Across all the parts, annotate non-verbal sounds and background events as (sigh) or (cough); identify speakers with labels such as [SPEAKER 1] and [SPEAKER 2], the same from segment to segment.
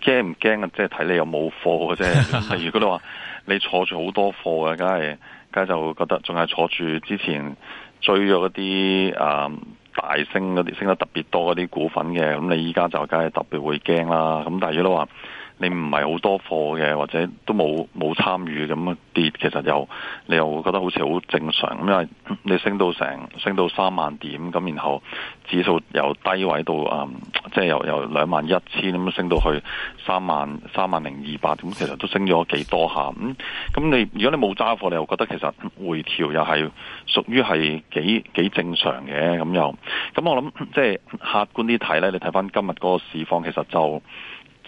[SPEAKER 1] 驚唔驚啊？即係睇你有冇貨嘅啫。如果你話你坐住好多貨呀，梗係，梗係就覺得仲係坐住之前追咗一啲誒大升嗰啲升得特別多嗰啲股份嘅，咁你依家就梗係特別會驚啦。咁但係如果你話，你唔係好多貨嘅，或者都冇冇參與咁跌，其實又你又覺得好似好正常咁，因為你升到成升到三萬點咁，然後指數由低位到啊、嗯，即係由由兩萬一千咁升到去三萬三萬零二百，咁其實都升咗幾多下咁。咁、嗯、你如果你冇揸貨，你又覺得其實回調又係屬於係幾幾正常嘅咁又。咁我諗即係客觀啲睇呢，你睇返今日嗰個市況，其實就。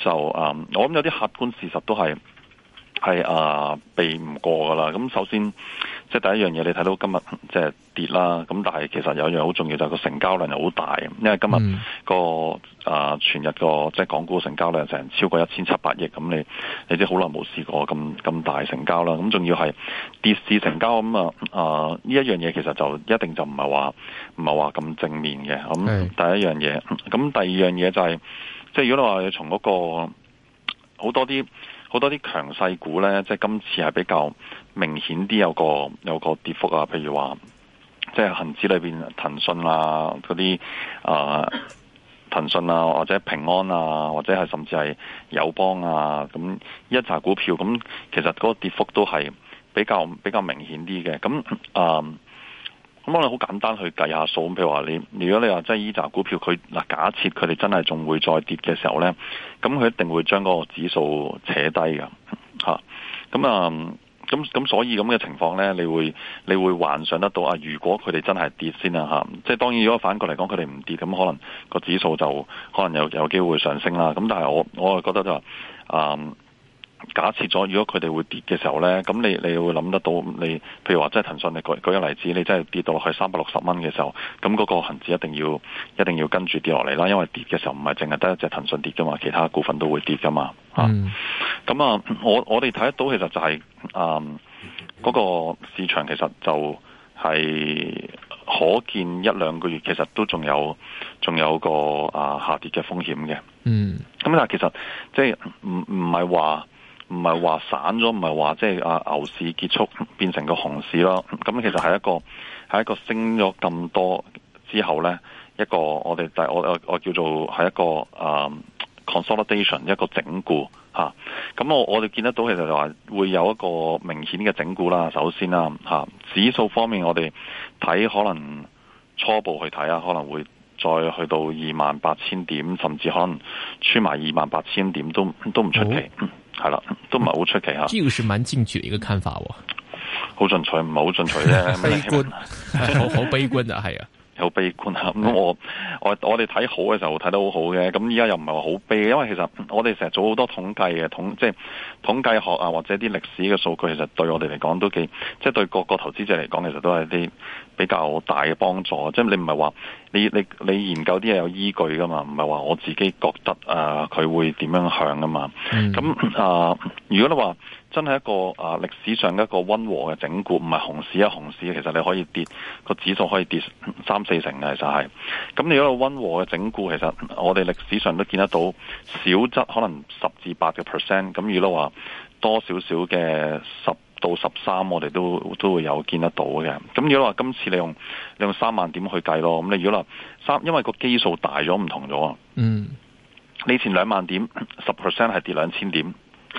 [SPEAKER 1] 就啊、呃，我諗有啲客觀事實都係係啊避唔過噶啦。咁首先，即係第一樣嘢，你睇到今日即係跌啦。咁但係其實有一樣好重要就係、是、個成交量又好大，因為今日、個啊、呃、全日個即係港股成交量成超過一千七百億。咁你你知好耐冇試過咁咁大成交啦。咁仲要係跌市成交咁，啊啊呢一樣嘢其實就一定就唔係話唔係話咁正面嘅。咁第一樣嘢，咁是第二樣嘢就係、是。即係如果你話從嗰個好多啲好多啲強勢股咧，即係今次係比較明顯啲，有個有個跌幅啊。譬如話，即係恆指裏邊騰訊啊嗰啲啊，騰訊、呃、啊或者平安啊或者係甚至係友邦啊，咁一扎股票咁，其實嗰個跌幅都係比較比較明顯啲嘅。咁啊。呃咁、嗯、我好簡單去計下數，譬如話你，如果你話即係依紮股票，佢嗱假設佢哋真係仲會再跌嘅時候呢，咁佢一定會將嗰個指數扯低嘅，嚇。咁啊，咁、嗯、咁、嗯嗯、所以咁嘅情況呢，你會你會幻想得到啊？如果佢哋真係跌先啊，嚇！即係當然如果反過嚟講，佢哋唔跌，咁可能個指數就可能有有機會上升啦。咁、啊、但係我我係覺得就係、啊。假設咗，如果佢哋會跌嘅時候呢，咁你你會諗得到你，你譬如話，即係騰訊，你舉舉一例子，你真係跌到落去三百六十蚊嘅時候，咁嗰個恆指一定要一定要跟住跌落嚟啦，因為跌嘅時候唔係淨係得一隻騰訊跌㗎嘛，其他股份都會跌㗎嘛。咁、嗯、啊，我我哋睇得到其實就係、是，嗯，嗰、那個市場其實就係可見一兩個月，其實都仲有仲有個啊下跌嘅風險嘅。咁、嗯嗯、但係其實即係唔唔係話。唔係話散咗，唔係話即係啊，牛市結束變成個熊市咯。咁其實係一個係一個升咗咁多之後呢，一個我哋但我我叫做係一個啊、uh, consolidation 一個整固嚇。咁、啊、我我哋見得到其實就話會有一個明顯嘅整固啦。首先啦嚇、啊、指數方面我，我哋睇可能初步去睇下，可能會再去到二萬八千點，甚至可能28，穿埋二萬八千點都都唔出奇。係啦，都唔係好出奇吓。呢
[SPEAKER 2] 個是蠻進取嘅一個看法
[SPEAKER 1] 好進 (noise) 取唔係好進取啫，悲觀，
[SPEAKER 2] 好 (laughs) (laughs) 好悲觀啊，係 (laughs) 啊 (laughs) ，
[SPEAKER 1] 好悲觀啊。咁我我我哋睇好嘅時候睇得好好嘅，咁依家又唔係話好悲，因為其實我哋成日做好多統計嘅統，即係統計學啊或者啲歷史嘅數據，其實對我哋嚟講都幾，即係對各個投資者嚟講，其實都係啲。比較大嘅幫助，即係你唔係話你你你研究啲嘢有依據噶嘛，唔係話我自己覺得啊佢、呃、會點樣向啊嘛。咁啊、嗯呃，如果你話真係一個啊、呃、歷史上一個溫和嘅整固，唔係熊市啊熊市，其實你可以跌個指數可以跌三四成嘅，其實係。咁你嗰個溫和嘅整固，其實我哋歷史上都見得到少則可能十至八嘅 percent，咁如果話多少少嘅十到十三，我哋都都會有見得到嘅。咁如果話今次你用你用三萬點去計咯，咁你如果話三，因為個基數大咗，唔同咗。啊。嗯，你前兩萬點十 percent 係跌兩千點。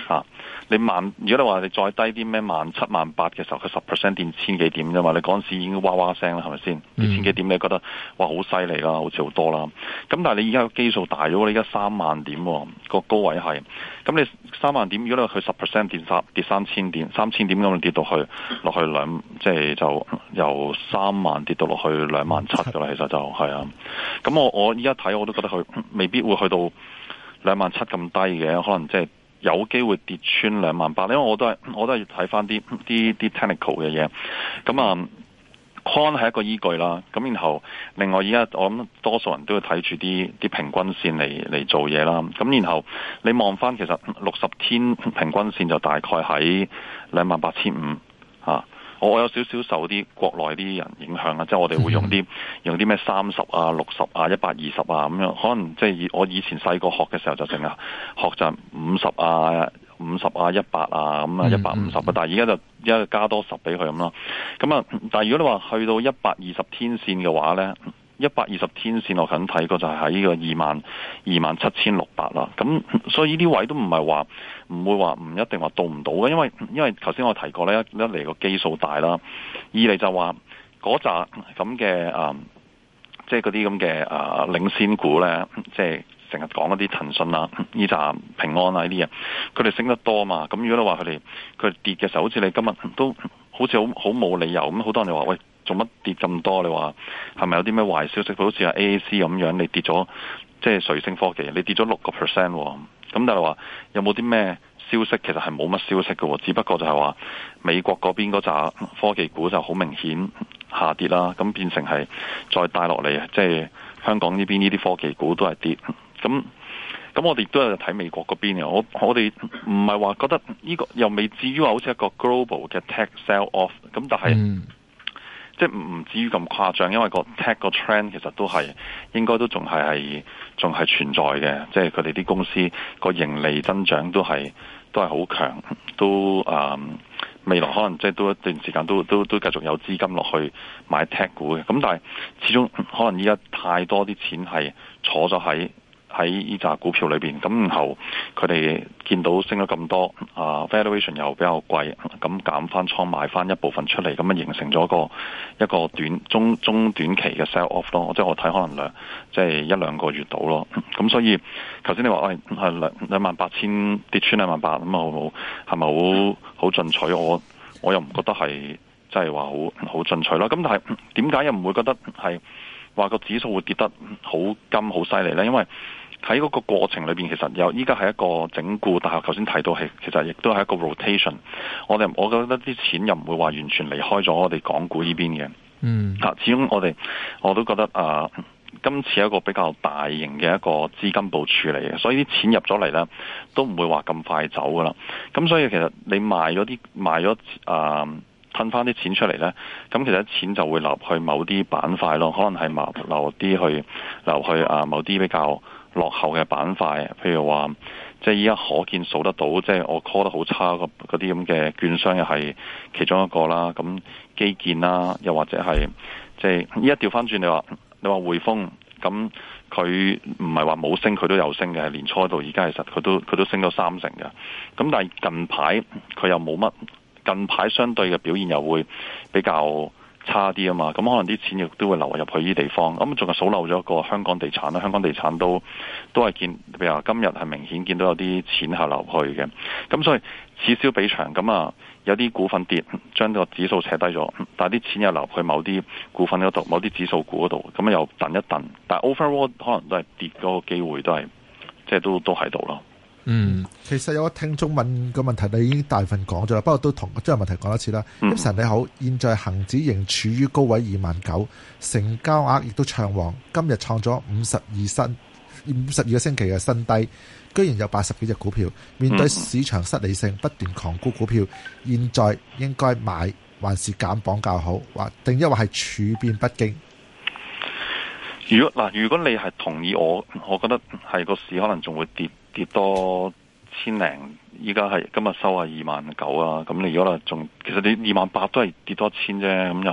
[SPEAKER 1] 吓、啊、你萬，如果你話你再低啲咩萬七萬八嘅時候，佢十 percent 跌千幾點啫嘛？你嗰時已經哇哇聲啦，係咪先？跌千、嗯、幾點你覺得哇好犀利啦，好似好多啦。咁但係你而家個基數大咗，你而家三萬點、哦個高位係咁，你三萬點，如果你去十 percent 跌三跌三千點，三千點咁樣跌到去落去兩，即係就由三萬跌到落去兩萬七噶啦。其實就係啊。咁我我依家睇我都覺得佢未必會去到兩萬七咁低嘅，可能即係。有機會跌穿兩萬八，因為我都係我都係要睇翻啲啲 technical 嘅嘢。咁啊，con 係一個依據啦。咁然後，另外而家我諗多數人都會睇住啲啲平均線嚟嚟做嘢啦。咁然後你望翻，其實六十天平均線就大概喺兩萬八千五啊。我有少少受啲國內啲人影響啊，即係我哋會用啲用啲咩三十啊、六十啊、一百二十啊咁樣，可能即係我以前細個學嘅時候就成日學習五十啊、五十啊、一百啊咁啊、一百五十啊，但係而家就而家加多十俾佢咁咯。咁啊，但係如果你話去到一百二十天線嘅話呢。一百二十天線，我近睇過就係喺呢個二萬二萬七千六百啦。咁所以呢啲位都唔係話唔會話唔一定話到唔到嘅，因為因為頭先我提過咧，一嚟個基數大啦，二嚟就話嗰扎咁嘅啊，即係嗰啲咁嘅啊領先股咧，即係成日講一啲騰訊啊，呢扎平安啊呢啲啊，佢哋升得多嘛。咁如果你話佢哋佢跌嘅時候，好似你今日都好似好好冇理由咁，好多人就話喂。做乜跌咁多？你話係咪有啲咩壞消息？好似阿 A A C 咁樣，你跌咗即係瑞聲科技，你跌咗六個 percent。咁、哦、但係話有冇啲咩消息？其實係冇乜消息嘅、哦，只不過就係話美國嗰邊扎科技股就好明顯下跌啦。咁變成係再帶落嚟，即係香港呢邊呢啲科技股都係跌。咁咁我哋都有睇美國嗰邊嘅。我我哋唔係話覺得呢個又未至於話好似一個 global 嘅 tech sell off。咁但係。即係唔至於咁誇張，因為個 tech 個 trend 其實都係應該都仲係係仲係存在嘅，即係佢哋啲公司個盈利增長都係都係好強，都啊、um, 未來可能即係都一段時間都都都繼續有資金落去買 tech 股嘅，咁但係始終可能依家太多啲錢係坐咗喺。喺呢扎股票裏邊咁，然後佢哋見到升咗咁多，啊 valuation 又比較貴，咁減翻倉買翻一部分出嚟，咁啊形成咗個一個短中中短期嘅 sell off 咯。即係我睇可能兩即係一兩個月到咯。咁所以頭先你話，哎係兩兩萬八千跌穿兩萬八，咁啊係咪好好進取？我我又唔覺得係即係話好好進取咯。咁但係點解又唔會覺得係話個指數會跌得好急好犀利咧？因為喺嗰個過程裏邊，其實有依家係一個整固，但係頭先提到係其實亦都係一個 rotation。我哋，我覺得啲錢又唔會話完全離開咗我哋港股呢邊嘅。嗯，啊，始終我哋我都覺得啊，今次係一個比較大型嘅一個資金部署嚟嘅，所以啲錢入咗嚟咧，都唔會話咁快走噶啦。咁所以其實你賣咗啲賣咗啊，褪翻啲錢出嚟咧，咁其實錢就會流去某啲板塊咯，可能係流流啲去留去啊某啲比較，落後嘅板塊，譬如話，即係依家可見數得到，即係我 call 得好差嗰啲咁嘅券商又係其中一個啦。咁基建啦，又或者係，即係依家調翻轉你話，你話匯豐，咁佢唔係話冇升，佢都有升嘅。年初到而家其實，佢都佢都升咗三成嘅。咁但係近排佢又冇乜，近排相對嘅表現又會比較差啲啊嘛，咁可能啲錢亦都會流入去呢啲地方，咁仲係數漏咗一個香港地產啦。香港地產都都係見，譬如話今日係明顯見到有啲錢下流去嘅，咁所以此消彼長，咁啊有啲股份跌，將個指數扯低咗，但係啲錢又流去某啲股份嗰度，某啲指數股嗰度，咁又等一等，但係 overall 可能都係跌嗰個機會都係即係都都喺度咯。
[SPEAKER 2] 嗯，其實有個聽眾問個問題，你已經大份講咗啦。不過都同將個問題講一次啦。先生、嗯、你好，現在恒指仍處於高位二萬九，成交額亦都暢旺，今日創咗五十二新五十二個星期嘅新低，居然有八十幾隻股票面對市場失理性不斷狂沽股票，嗯、現在應該買還是減磅較好，或定抑或係處變不驚？
[SPEAKER 1] 如果嗱，如果你係同意我，我覺得係個市可能仲會跌。跌多千零，依家係今日收咗二萬九啊，咁你如果咧仲，其實你二萬八都係跌多千啫，咁又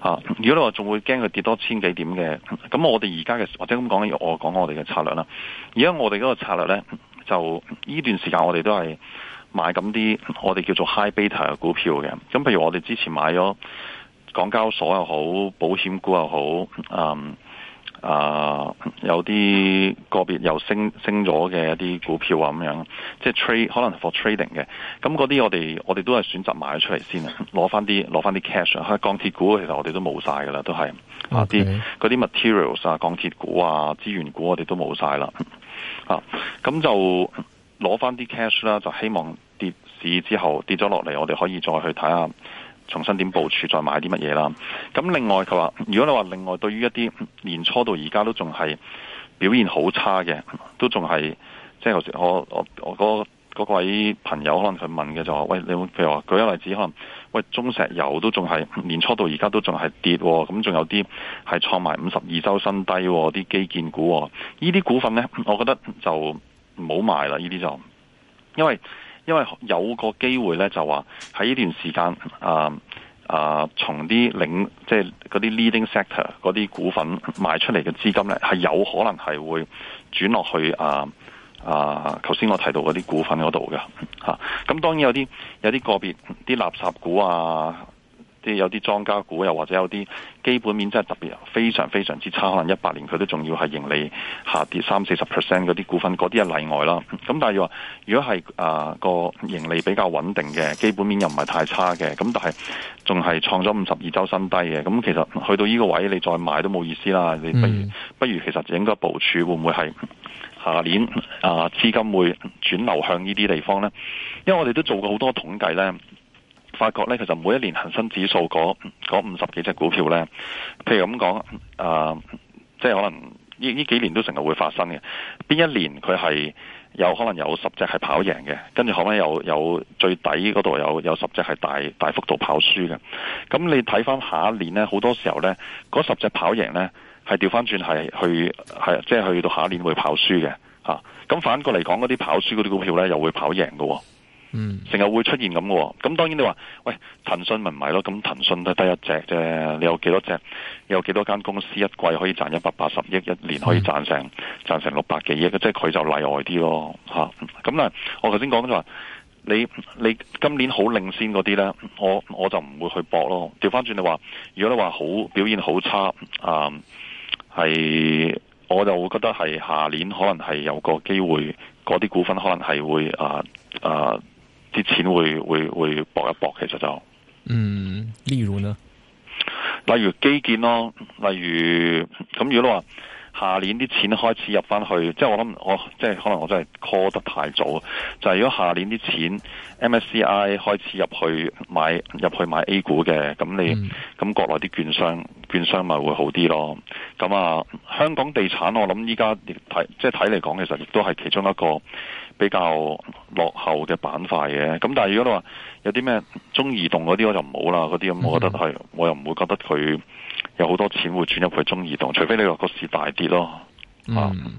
[SPEAKER 1] 啊，如果你話仲會驚佢跌多千幾點嘅，咁我哋而家嘅，或者咁講，我講我哋嘅策略啦。而家我哋嗰個策略咧，就呢段時間我哋都係買緊啲我哋叫做 high beta 嘅股票嘅，咁譬如我哋之前買咗港交所又好，保險股又好，嗯。啊，uh, 有啲個別又升升咗嘅一啲股票啊，咁樣，即係 trade 可能 for trading 嘅，咁嗰啲我哋我哋都係選擇賣咗出嚟先啊，攞翻啲攞翻啲 cash 啊，ash, 鋼鐵股其實我哋都冇晒噶啦，都係啊啲嗰啲 Okay. materials 啊，鋼鐵股啊，資源股我哋都冇晒啦，啊，咁就攞翻啲 cash 啦，就希望跌市之後跌咗落嚟，我哋可以再去睇下。重新點部署，再買啲乜嘢啦？咁另外佢話：如果你話另外對於一啲年初到而家都仲係表現好差嘅，都仲係即係我我我嗰、嗰個、位朋友可能佢問嘅就話：喂，你譬如話舉一個例子，可能喂中石油都仲係年初到而家都仲係跌、啊，咁仲有啲係創埋五十二周新低、啊，啲基建股呢、啊、啲股份呢，我覺得就唔好買啦，呢啲就因為。因為有個機會咧，就話喺呢段時間啊啊，從、啊、啲領即係嗰啲 leading sector 嗰啲股份賣出嚟嘅資金咧，係有可能係會轉落去啊啊！頭先我提到嗰啲股份嗰度嘅嚇，咁、啊嗯、當然有啲有啲個別啲垃圾股啊。啲有啲莊家股又，又或者有啲基本面真係特別非常非常之差，可能一八年佢都仲要係盈利下跌三四十 percent 嗰啲股份，嗰啲係例外啦。咁但係，話，如果係啊個盈利比較穩定嘅，基本面又唔係太差嘅，咁但係仲係創咗五十二周新低嘅。咁其實去到呢個位，你再買都冇意思啦。你不如、嗯、不如其實應該部署會唔會係下年啊、呃、資金會轉流向呢啲地方咧？因為我哋都做過好多統計咧。發覺咧，其實每一年恒生指數嗰五十幾隻股票咧，譬如咁講，誒、呃，即係可能呢呢幾年都成日會發生嘅。邊一年佢係有可能有十隻係跑贏嘅，跟住後尾有有最底嗰度有有十隻係大大幅度跑輸嘅。咁你睇翻下一年咧，好多時候咧，嗰十隻跑贏咧係掉翻轉係去係即係去到下一年會跑輸嘅。吓、啊，咁反過嚟講，嗰啲跑輸嗰啲股票咧又會跑贏嘅、哦。嗯，成日會出現咁嘅、哦，咁當然你話，喂，騰訊咪唔係咯，咁騰訊都得一隻啫，你有幾多隻？有幾多間公司一季可以賺一百八十億，一年可以賺成賺、嗯、成六百幾億嘅，即係佢就例外啲咯、哦、吓、啊。咁啦，我頭先講就話，你你今年好領先嗰啲咧，我我就唔會去搏咯。調翻轉你話，如果你話好表現好差啊，係我就會覺得係下年可能係有個機會，嗰啲股份可能係會啊啊。啊啲錢會會會搏一搏，其實就嗯，
[SPEAKER 2] 例如呢？
[SPEAKER 1] 例如基建咯，例如咁。如果話下年啲錢開始入翻去，即係我諗我即係可能我真係 call 得太早。就係、是、如果下年啲錢 MSCI 開始入去買入去買 A 股嘅，咁你咁、嗯、國內啲券商，券商咪會好啲咯。咁啊，香港地產我諗依家睇，即係睇嚟講，其實亦都係其中一個。比較落後嘅板塊嘅，咁但係如果你話有啲咩中移動嗰啲我就唔好啦，嗰啲咁，我覺得係，我又唔會覺得佢有好多錢會轉入去中移動，除非你話個市大跌咯，啊。嗯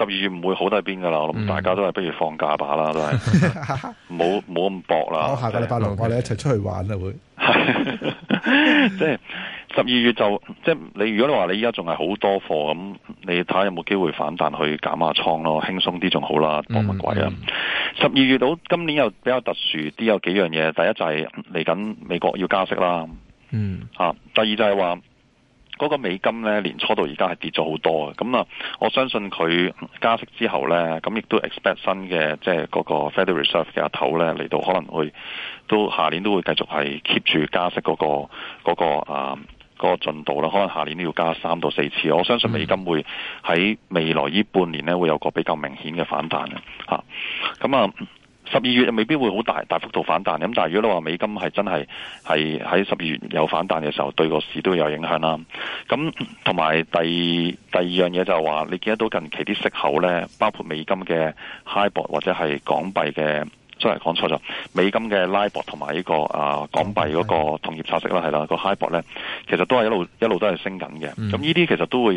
[SPEAKER 1] 十二月唔會好得喺邊噶啦，我諗大家都係不如放假把啦，都係冇冇咁搏啦。下個禮拜六我
[SPEAKER 2] 哋一齊出去玩
[SPEAKER 1] 啦會。 (laughs) (laughs) (laughs) 即係十二月就即係你如果你話你而家仲係好多貨咁，你睇下有冇機會反彈去減下倉咯，輕鬆啲仲好啦，搏乜鬼啊！十二、嗯、月到今年又比較特殊啲，有幾樣嘢，第一就係嚟緊美國要加息啦，嗯啊，第二就係話。嗰個美金咧年初到而家係跌咗好多啊，咁啊，我相信佢加息之後咧，咁亦都 expect 新嘅即係嗰個 Federal Reserve 嘅阿頭咧嚟到可能會都下年都會繼續係 keep 住加息嗰個嗰個啊嗰個進度啦，可能下年都要加三到四次，我相信美金會喺未來呢半年咧會有個比較明顯嘅反彈啊，咁啊。十二月未必會好大大幅度反彈咁，但係如果你話美金係真係係喺十二月有反彈嘅時候，對個市都有影響啦。咁同埋第二第二樣嘢就係話，你見得到近期啲息口呢，包括美金嘅 high 博或者係港幣嘅。雖然講錯咗，美金嘅拉博同埋呢個啊、呃、港幣嗰個同業拆息啦，係啦、嗯，個 high 博咧，其實都係一路一路都係升緊嘅。咁呢啲其實都會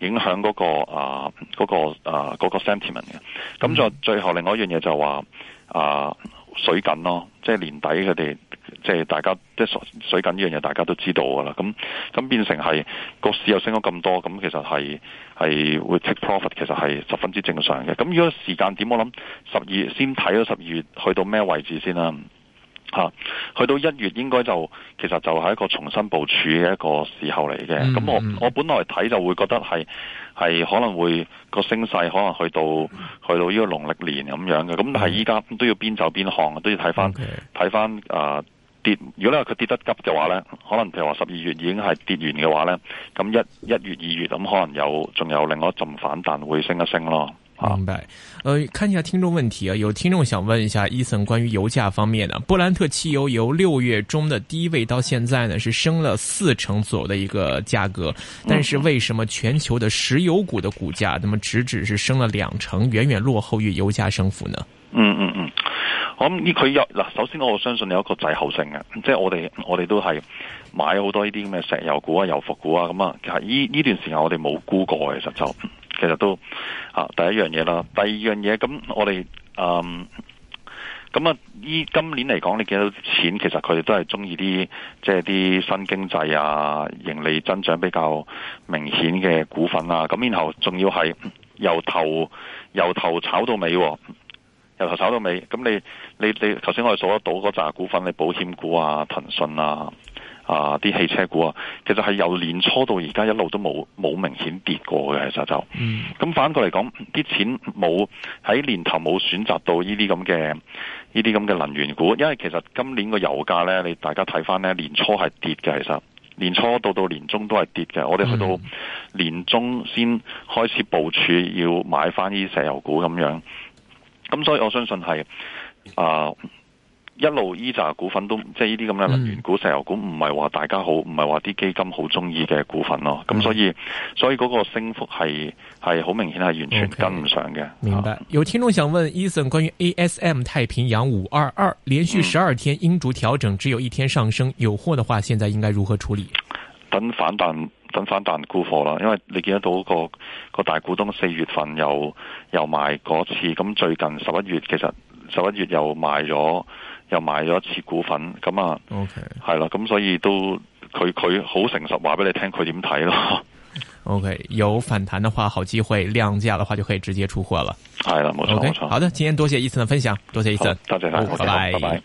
[SPEAKER 1] 影響嗰、那個啊嗰、呃、那個啊嗰、呃、那個 sentiment 嘅。咁、嗯、再、嗯、最後另外一樣嘢就話啊。呃水緊咯，即係年底佢哋，即係大家即係水緊呢樣嘢，大家都知道噶啦。咁咁變成係個市又升咗咁多，咁其實係係會 take profit，其實係十分之正常嘅。咁如果時間點，我諗十二先睇咗十二月去到咩位置先啦。吓，去到一月應該就其實就係一個重新部署嘅一個時候嚟嘅。咁、嗯嗯、我我本來睇就會覺得係係可能會個升勢可能去到去到呢個農曆年咁樣嘅。咁但係依家都要邊走邊行，都要睇翻睇翻誒跌。如果咧佢跌得急嘅話咧，可能譬如話十二月已經係跌完嘅話咧，咁一一月二月咁、嗯、可能有仲有另外一陣反彈會升一升咯。
[SPEAKER 2] 明白，誒、嗯呃，看一下聽眾問題啊，有聽眾想問一下 Eason 關於油價方面呢、啊、布蘭特汽油由六月中的低位到現在呢，是升了四成左右的一個價格，但是為什麼全球的石油股的股價，那麼只只是升了兩成，遠遠落後於油價升幅呢？嗯
[SPEAKER 1] 嗯嗯，咁呢佢有嗱，首先我相信有一個滯後性嘅，即係我哋我哋都係買好多呢啲咁嘅石油股啊、油服股啊咁啊，其實呢呢段時間我哋冇估過其實就。其實都啊，第一樣嘢啦，第二樣嘢咁，我哋誒咁啊，依、嗯嗯嗯、今年嚟講，你見到錢，其實佢哋都係中意啲即係啲新經濟啊，盈利增長比較明顯嘅股份啊。咁、嗯嗯、然後仲要係由頭由頭炒到尾、啊，由頭炒到尾。咁你你你，頭先我哋數得到嗰扎股份，你保險股啊，騰訊啊。啊！啲汽車股啊，其實係由年初到而家一路都冇冇明顯跌過嘅，其實就咁反過嚟講，啲錢冇喺年頭冇選擇到呢啲咁嘅呢啲咁嘅能源股，因為其實今年個油價呢，你大家睇翻呢，年初係跌嘅，其實年初到到年中都係跌嘅，我哋去到年中先開始部署要買翻啲石油股咁樣，咁所以我相信係啊。一路呢扎股份都即係呢啲咁嘅能源股、石油股，唔係話大家好，唔係話啲基金好中意嘅股份咯。咁、嗯、所以，所以嗰個升幅係係好明顯，係完全跟唔上嘅。嗯、okay,
[SPEAKER 2] 明白。有聽眾想問、啊、Eason 關於 ASM 太平洋五二二連續十二天陰燭調整，只有一天上升，嗯、有貨嘅話，現在應該如何處
[SPEAKER 1] 理？等反彈，等反彈沽貨啦。因為你見得到、嗰個、嗰個嗰個大股東四月份又又賣嗰次，咁最近十一月其實十一月，月又賣咗。又買咗一次股份，咁啊，OK，係啦，咁所以都佢佢好誠實話俾你聽佢點睇咯。
[SPEAKER 2] OK，有反彈的話好機會，量價嘅話就可以直接出貨啦。係啦，冇錯，OK，冇錯。好的，今天多謝 Eason 嘅分享，多謝 Eason，多謝，拜拜。